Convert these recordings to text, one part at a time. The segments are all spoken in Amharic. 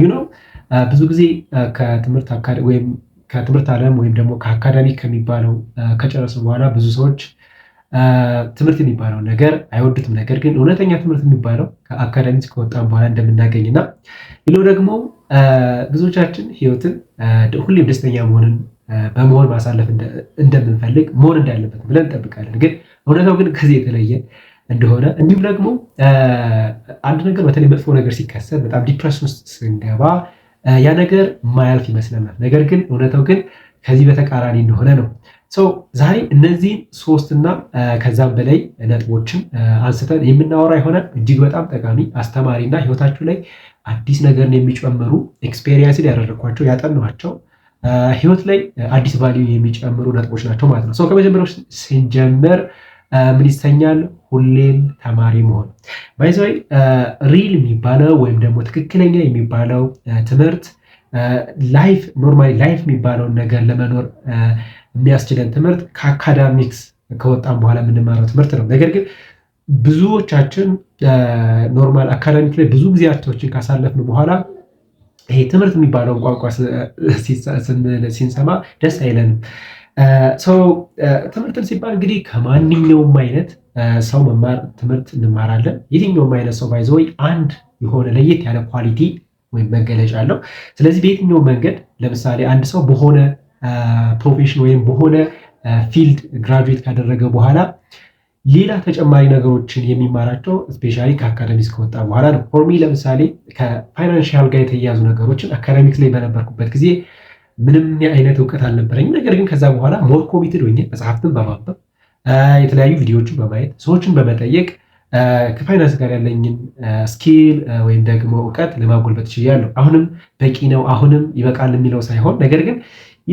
ዩ ነው ብዙ ጊዜ ከትምህርት ወይም ከትምህርት ዓለም ወይም ደግሞ ከአካዳሚክ ከሚባለው ከጨረሱ በኋላ ብዙ ሰዎች ትምህርት የሚባለው ነገር አይወዱትም። ነገር ግን እውነተኛ ትምህርት የሚባለው ከአካዳሚ ከወጣን በኋላ እንደምናገኝና ሌላው ደግሞ ብዙዎቻችን ህይወትን ሁሌም ደስተኛ መሆንን በመሆን ማሳለፍ እንደምንፈልግ መሆን እንዳለበት ብለን እንጠብቃለን። ግን እውነታው ግን ከዚህ የተለየ እንደሆነ እንዲሁም ደግሞ አንድ ነገር በተለይ መጥፎ ነገር ሲከሰት በጣም ዲፕረስ ውስጥ ስንገባ ያ ነገር ማያልፍ ይመስለናል። ነገር ግን እውነታው ግን ከዚህ በተቃራኒ እንደሆነ ነው። ሰው ዛሬ እነዚህን ሶስትና ከዛም በላይ ነጥቦችን አንስተን የምናወራ የሆነ እጅግ በጣም ጠቃሚ አስተማሪና ህይወታችሁ ላይ አዲስ ነገርን የሚጨምሩ ኤክስፔሪየንስን ያደረግኳቸው ያጠኗቸው ህይወት ላይ አዲስ ቫሊዩ የሚጨምሩ ነጥቦች ናቸው ማለት ነው። ሰው ከመጀመሪያው ስንጀምር ምን ይሰኛል? ሁሌም ተማሪ መሆን ባይዘይ ሪል የሚባለው ወይም ደግሞ ትክክለኛ የሚባለው ትምህርት ላይፍ ኖርማሊ ላይፍ የሚባለውን ነገር ለመኖር የሚያስችለን ትምህርት ከአካዳሚክስ ከወጣን በኋላ የምንማረው ትምህርት ነው። ነገር ግን ብዙዎቻችን ኖርማል አካዳሚክ ላይ ብዙ ጊዜያቶችን ካሳለፍን በኋላ ይሄ ትምህርት የሚባለውን ቋንቋ ሲንሰማ ደስ አይለንም። ሰው ትምህርትን ሲባል እንግዲህ ከማንኛውም አይነት ሰው መማር ትምህርት እንማራለን። የትኛውም አይነት ሰው ባይዘ ወይ አንድ የሆነ ለየት ያለ ኳሊቲ ወይም መገለጫ አለው። ስለዚህ በየትኛው መንገድ ለምሳሌ አንድ ሰው በሆነ ፕሮፌሽን ወይም በሆነ ፊልድ ግራጁዌት ካደረገ በኋላ ሌላ ተጨማሪ ነገሮችን የሚማራቸው ስፔሻሊ ከአካደሚክስ ከወጣ በኋላ ነው። ፎርሚ ለምሳሌ ከፋይናንሽል ጋር የተያያዙ ነገሮችን አካደሚክስ ላይ በነበርኩበት ጊዜ ምንም አይነት እውቀት አልነበረኝም። ነገር ግን ከዛ በኋላ ሞር ኮሚትድ ሆኜ መጽሐፍትን በማንበብ የተለያዩ ቪዲዮዎችን በማየት ሰዎችን በመጠየቅ ከፋይናንስ ጋር ያለኝን ስኪል ወይም ደግሞ እውቀት ለማጎልበት ችያለሁ። አሁንም በቂ ነው፣ አሁንም ይበቃል የሚለው ሳይሆን ነገር ግን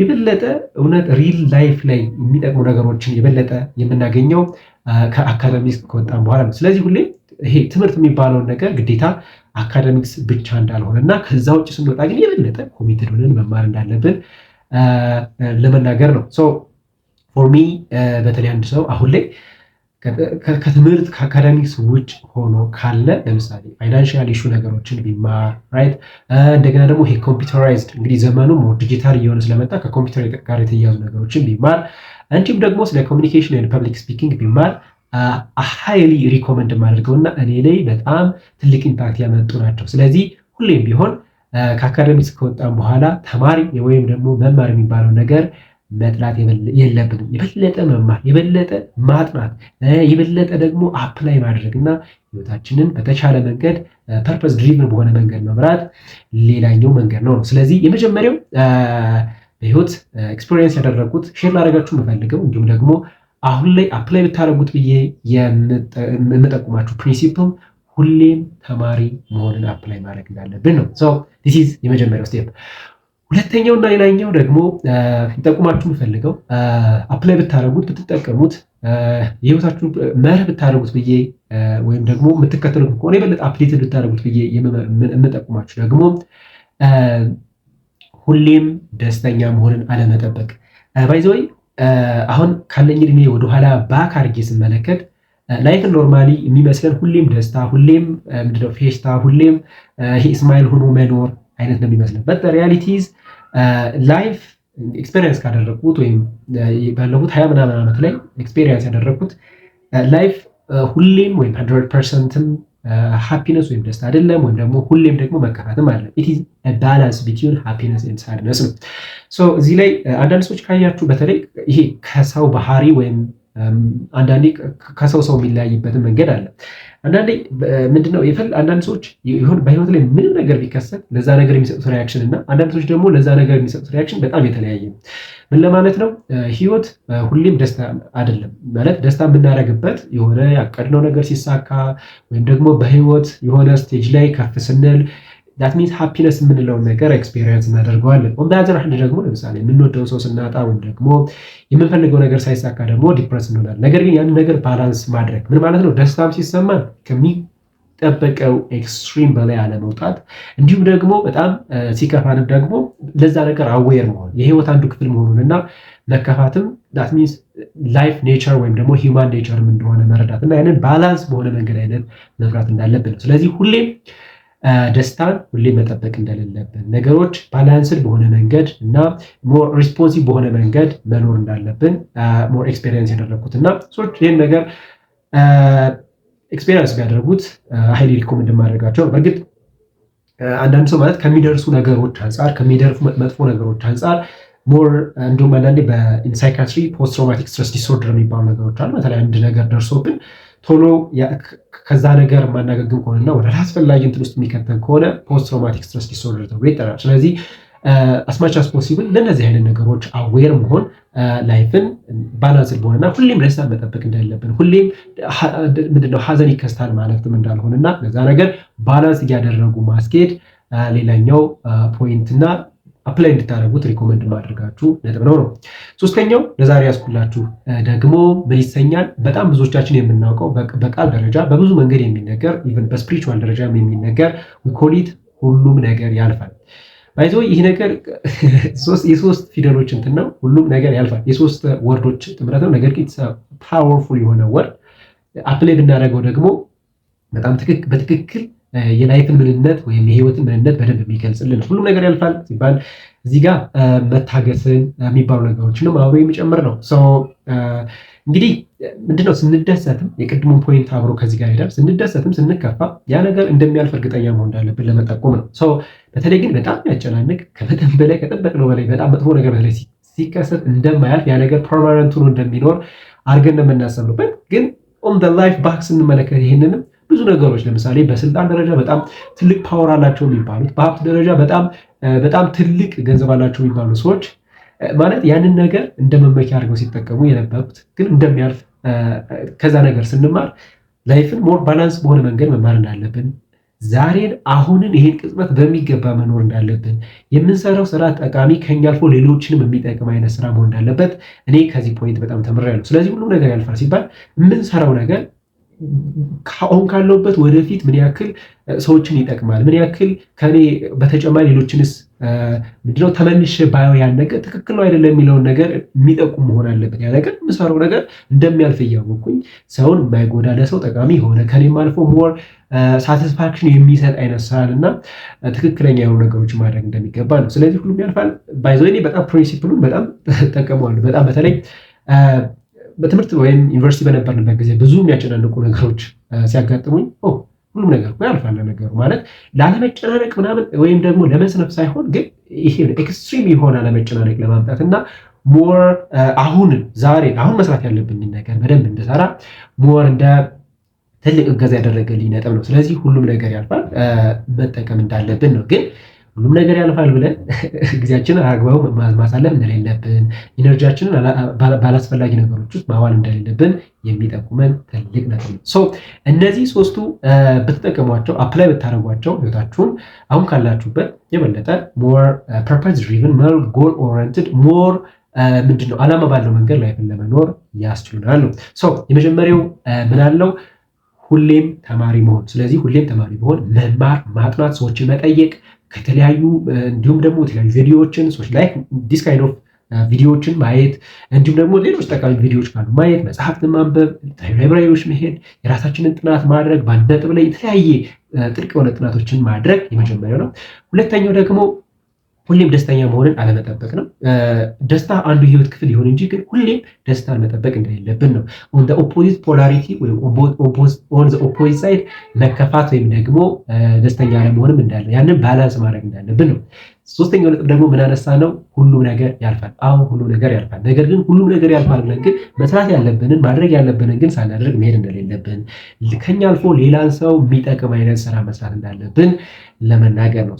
የበለጠ እውነት ሪል ላይፍ ላይ የሚጠቅሙ ነገሮችን የበለጠ የምናገኘው ከአካዳሚክስ ከወጣን በኋላ ነው። ስለዚህ ሁሌ ይሄ ትምህርት የሚባለውን ነገር ግዴታ አካደሚክስ ብቻ እንዳልሆነ እና ከዛ ውጭ ስንወጣ ግን የበለጠ ኮሚትድ ሆነን መማር እንዳለብን ለመናገር ነው። ፎርሚ በተለይ አንድ ሰው አሁን ላይ ከትምህርት ከአካዳሚክስ ውጭ ሆኖ ካለ ለምሳሌ ፋይናንሽል ኢሹ ነገሮችን ቢማር ራይት፣ እንደገና ደግሞ ይሄ ኮምፒውተራይዝድ እንግዲህ ዘመኑ ሞር ዲጂታል እየሆነ ስለመጣ ከኮምፒውተር ጋር የተያያዙ ነገሮችን ቢማር እንዲሁም ደግሞ ስለ ኮሚኒኬሽን ፐብሊክ ስፒኪንግ ቢማር ሀይሊ ሪኮመንድ የማደርገው እና እኔ ላይ በጣም ትልቅ ኢምፓክት ያመጡ ናቸው። ስለዚህ ሁሌም ቢሆን ከአካደሚክስ ከወጣን በኋላ ተማሪ ወይም ደግሞ መማር የሚባለው ነገር መጥላት የለብንም። የበለጠ መማር፣ የበለጠ ማጥናት፣ የበለጠ ደግሞ አፕላይ ማድረግ እና ህይወታችንን በተቻለ መንገድ ፐርፐስ ድሪቭን በሆነ መንገድ መምራት ሌላኛው መንገድ ነው ነው ስለዚህ የመጀመሪያው በህይወት ኤክስፔሪየንስ ያደረጉት ሼር ላደረጋችሁ የምፈልገው እንዲሁም ደግሞ አሁን ላይ አፕላይ ብታደረጉት ብዬ የምጠቁማችሁ ፕሪንሲፕል ሁሌም ተማሪ መሆንን አፕላይ ማድረግ እንዳለብን ነው። ዲስ ኢዝ የመጀመሪያው ስቴፕ። ሁለተኛውና ሌላኛው ደግሞ ይጠቁማችሁ የምፈልገው አፕላይ ብታደረጉት ብትጠቀሙት የህይወታችሁን መርህ ብታደረጉት ብዬ ወይም ደግሞ የምትከተሉት ከሆነ የበለጠ አፕዴት ብታደረጉት ብዬ የምጠቁማችሁ ደግሞ ሁሌም ደስተኛ መሆንን አለመጠበቅ ባይዘወይ አሁን ካለኝ እድሜ ወደኋላ ባክ አድርጌ ስመለከት ላይክን ኖርማሊ የሚመስለን ሁሌም ደስታ፣ ሁሌም ምንድነው ፌሽታ፣ ሁሌም ስማይል ሆኖ መኖር አይነት ነው የሚመስለን። በት ሪያሊቲዝ ላይፍ ኤክስፔሪንስ ካደረግኩት ወይም ባለፉት ሀያ ምናምን ዓመት ላይ ኤክስፔሪንስ ያደረግኩት ላይፍ ሁሌም ወይም ሀንድረድ ፐርሰንትም ሃፒነስ uh, ወይም ደስታ አይደለም፣ ወይም ደግሞ ሁሌም ደግሞ መከፋትም አለ። ኢት ኢዝ ባላንስ ቢትዊን ሃፒነስ ኤንድ ሳድነስ ነው። እዚህ ላይ uh, አንዳንድ ሰዎች ካያችሁ በተለይ ይሄ ከሰው ባህሪ ወይም አንዳንዴ ከሰው ሰው የሚለያይበትን መንገድ አለ። አንዳንዴ ምንድነው አንዳንድ ሰዎች ይሁን በህይወት ላይ ምንም ነገር ቢከሰት ለዛ ነገር የሚሰጡት ሪያክሽን እና አንዳንድ ሰዎች ደግሞ ለዛ ነገር የሚሰጡት ሪያክሽን በጣም የተለያየ ነው። ምን ለማለት ነው? ህይወት ሁሌም ደስታ አይደለም ማለት ደስታ የምናደርግበት የሆነ ያቀድነው ነገር ሲሳካ ወይም ደግሞ በህይወት የሆነ ስቴጅ ላይ ከፍ ስንል ዳት ሚንስ ሃፒነስ የምንለውን ነገር ኤክስፔሪንስ እናደርገዋለን። ኦንዳዘር አንድ ደግሞ ለምሳሌ የምንወደው ሰው ስናጣ ወይም ደግሞ የምንፈልገው ነገር ሳይሳካ ደግሞ ዲፕረስ እንሆናለን። ነገር ግን ያን ነገር ባላንስ ማድረግ ምን ማለት ነው? ደስታም ሲሰማን ከሚጠበቀው ኤክስትሪም በላይ አለመውጣት፣ እንዲሁም ደግሞ በጣም ሲከፋንም ደግሞ ለዛ ነገር አዌር መሆን የህይወት አንዱ ክፍል መሆኑን እና መከፋትም ዳት ሚንስ ላይፍ ኔቸር ወይም ደግሞ ሂውማን ኔቸርም እንደሆነ መረዳት እና ያንን ባላንስ በሆነ መንገድ አይነት መፍራት እንዳለብን ነው። ስለዚህ ሁሌም ደስታን ሁሌ መጠበቅ እንደሌለብን ነገሮች ባላንስድ በሆነ መንገድ እና ሞር ሪስፖንሲቭ በሆነ መንገድ መኖር እንዳለብን ሞር ኤክስፔሪንስ ያደረግኩት እና ሰዎች ይህን ነገር ኤክስፔሪንስ ቢያደርጉት ሀይሊ ሪኮመንድ ማድረጋቸው በእርግጥ አንዳንድ ሰው ማለት ከሚደርሱ ነገሮች አንጻር ከሚደርፉ መጥፎ ነገሮች አንጻር ሞር እንዲሁም አንዳንዴ በኢንሳይካትሪ ፖስት ትራውማቲክ ስትረስ ዲስኦርደር የሚባሉ ነገሮች አሉ። በተለይ አንድ ነገር ደርሶብን ቶሎ ከዛ ነገር ማናገግም ከሆነና ወደ አስፈላጊ እንትን ውስጥ የሚከተን ከሆነ ፖስት ትራውማቲክ ስትረስ ዲስኦርደር ተብሎ ይጠራል። ስለዚህ አስማች አስ ፖሲብል ለእነዚህ አይነት ነገሮች አዌር መሆን ላይፍን ባላንስድ በሆነና ሁሌም ደስታ መጠበቅ እንዳለብን ሁሌም ምንድነው ሀዘን ይከስታል ማለትም እንዳልሆንና ለዛ ነገር ባላንስ እያደረጉ ማስኬድ ሌላኛው ፖይንትና አፕላይ እንድታደረጉት ሪኮመንድ ማድረጋችሁ ነጥብ ነው ነው። ሶስተኛው ለዛሬ ያስኩላችሁ ደግሞ ምን ይሰኛል? በጣም ብዙዎቻችን የምናውቀው በቃል ደረጃ በብዙ መንገድ የሚነገር ኢቨን በስፒሪቹዋል ደረጃ የሚነገር ኮሊት ሁሉም ነገር ያልፋል ባይዞ ይህ ነገር የሶስት ፊደሎች እንትን ነው። ሁሉም ነገር ያልፋል የሶስት ወርዶች ጥምረት ነው። ነገር ግን ፓወርፉል የሆነ ወርድ አፕላይ ብናደረገው ደግሞ በጣም በትክክል የላይፍን ምንነት ወይም የህይወትን ምንነት በደንብ የሚገልጽልን ሁሉም ነገር ያልፋል ሲባል እዚህ ጋር መታገስን የሚባሉ ነገሮችንም አብሮ የሚጨምር ነው። እንግዲህ ምንድነው ስንደሰትም የቅድሙን ፖይንት አብሮ ከዚህ ጋር ሄዳል። ስንደሰትም ስንከፋ ያ ነገር እንደሚያልፍ እርግጠኛ መሆን እንዳለብን ለመጠቆም ነው። በተለይ ግን በጣም ያጨናንቅ ከመጠን በላይ ከጠበቅነው በላይ በጣም መጥፎ ነገር በተለይ ሲከሰት እንደማያልፍ ያ ነገር ፐርማነንት እንደሚኖር አድርገን ነው የምናሰብበት። ግን ኦን ላይፍ ባክ ስንመለከት ይህንንም ብዙ ነገሮች ለምሳሌ በስልጣን ደረጃ በጣም ትልቅ ፓወር አላቸው የሚባሉት በሀብት ደረጃ በጣም በጣም ትልቅ ገንዘብ አላቸው የሚባሉ ሰዎች ማለት ያንን ነገር እንደ መመኪያ አድርገው ሲጠቀሙ የነበሩት ግን እንደሚያልፍ ከዛ ነገር ስንማር ላይፍን ሞር ባላንስ በሆነ መንገድ መማር እንዳለብን ዛሬን አሁንን ይህን ቅጽበት በሚገባ መኖር እንዳለብን የምንሰራው ስራ ጠቃሚ ከኛ አልፎ ሌሎችንም የሚጠቅም አይነት ስራ መሆን እንዳለበት እኔ ከዚህ ፖይንት በጣም ተምሬያለሁ። ስለዚህ ሁሉም ነገር ያልፋል ሲባል የምንሰራው ነገር አሁን ካለውበት ወደፊት ምን ያክል ሰዎችን ይጠቅማል፣ ምን ያክል ከኔ በተጨማሪ ሌሎችንስ ምንድነው ተመልሼ ባየው ያን ነገር ትክክል ነው አይደለም የሚለውን ነገር የሚጠቁም መሆን አለበት። ያ ነገር የምሰራው ነገር እንደሚያልፍ እያወቅኩኝ ሰውን የማይጎዳ ለሰው ጠቃሚ የሆነ ከኔም አልፎ ሞር ሳቲስፋክሽን የሚሰጥ አይነት ስራል እና ትክክለኛ የሆኑ ነገሮች ማድረግ እንደሚገባ ነው። ስለዚህ ሁሉም ያልፋል ባይዘ በጣም ፕሪንሲፕሉን በጣም ጠቀመዋል። በጣም በተለይ በትምህርት ወይም ዩኒቨርሲቲ በነበርንበት ጊዜ ብዙ የሚያጨናንቁ ነገሮች ሲያጋጥሙኝ ሁሉም ነገር ያልፋለ ነገሩ ማለት ላለመጨናነቅ ምናምን ወይም ደግሞ ለመስነፍ ሳይሆን ግን ይሄ ኤክስትሪም የሆነ አለመጨናነቅ ለማምጣት እና ሞር አሁን ዛሬ አሁን መስራት ያለብኝን ነገር በደንብ እንድሰራ ሞር እንደ ትልቅ እገዛ ያደረገልኝ ነጥብ ነው። ስለዚህ ሁሉም ነገር ያልፋል መጠቀም እንዳለብን ነው ግን ሁሉም ነገር ያልፋል ብለን ጊዜያችንን አግባቡ ማሳለፍ እንደሌለብን፣ ኢነርጂያችንን ባላስፈላጊ ነገሮች ውስጥ ማዋል እንደሌለብን የሚጠቁመን ትልቅ ነገር ነው። እነዚህ ሶስቱ ብትጠቀሟቸው፣ አፕላይ ብታደርጓቸው ህይወታችሁን አሁን ካላችሁበት የበለጠ ሞር ፐርፐዝ ድሪቨን ሞር ጎል ኦሪየንትድ ሞር ምንድን ነው ባለው መንገድ ላይፍን ለመኖር ያስችሉናሉ። ነው። የመጀመሪያው ምናለው ሁሌም ተማሪ መሆን። ስለዚህ ሁሌም ተማሪ መሆን መማር፣ ማጥናት፣ ሰዎችን መጠየቅ ከተለያዩ እንዲሁም ደግሞ የተለያዩ ቪዲዮዎችን ሰዎች ላይ ዲስ ካይንድ ኦፍ ቪዲዮዎችን ማየት እንዲሁም ደግሞ ሌሎች ጠቃሚ ቪዲዮዎች ካሉ ማየት፣ መጽሐፍትን ማንበብ፣ ላይብራሪዎች መሄድ፣ የራሳችንን ጥናት ማድረግ፣ በአንድ ነጥብ ላይ የተለያየ ጥልቅ የሆነ ጥናቶችን ማድረግ የመጀመሪያው ነው። ሁለተኛው ደግሞ ሁሌም ደስተኛ መሆንን አለመጠበቅ ነው። ደስታ አንዱ የህይወት ክፍል ይሆን እንጂ ግን ሁሌም ደስታን መጠበቅ እንደሌለብን ነው። ኦን ኦፖዚት ፖላሪቲ ወይም ኦን ኦፖዚት ሳይድ መከፋት ወይም ደግሞ ደስተኛ አለመሆንም እንዳለ ያንን ባላንስ ማድረግ እንዳለብን ነው። ሶስተኛው ነጥብ ደግሞ ምን ነው? ሁሉም ነገር ያልፋል። አዎ ሁሉም ነገር ያልፋል። ነገር ግን ሁሉም ነገር ያልፋል ብለን ግን መስራት ያለብንን ማድረግ ያለብንን ግን ሳናደርግ መሄድ እንደሌለብን ከኛ አልፎ ሌላን ሰው የሚጠቅም አይነት ስራ መስራት እንዳለብን ለመናገር ነው።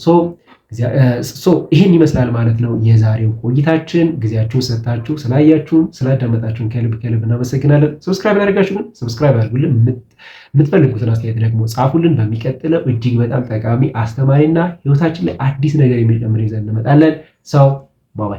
ይህን ይመስላል ማለት ነው የዛሬው ቆይታችን። ጊዜያችሁን ሰጥታችሁ ስላያችሁን ስላዳመጣችሁን ከልብ ከልብ እናመሰግናለን። ሰብስክራይብ ያደርጋችሁ ግን ሰብስክራይብ ያደርጉልን። የምትፈልጉትን አስተያየት ደግሞ ጻፉልን። በሚቀጥለው እጅግ በጣም ጠቃሚ አስተማሪና ህይወታችን ላይ አዲስ ነገር የሚጨምር ይዘን እንመጣለን። ሰው ባባይ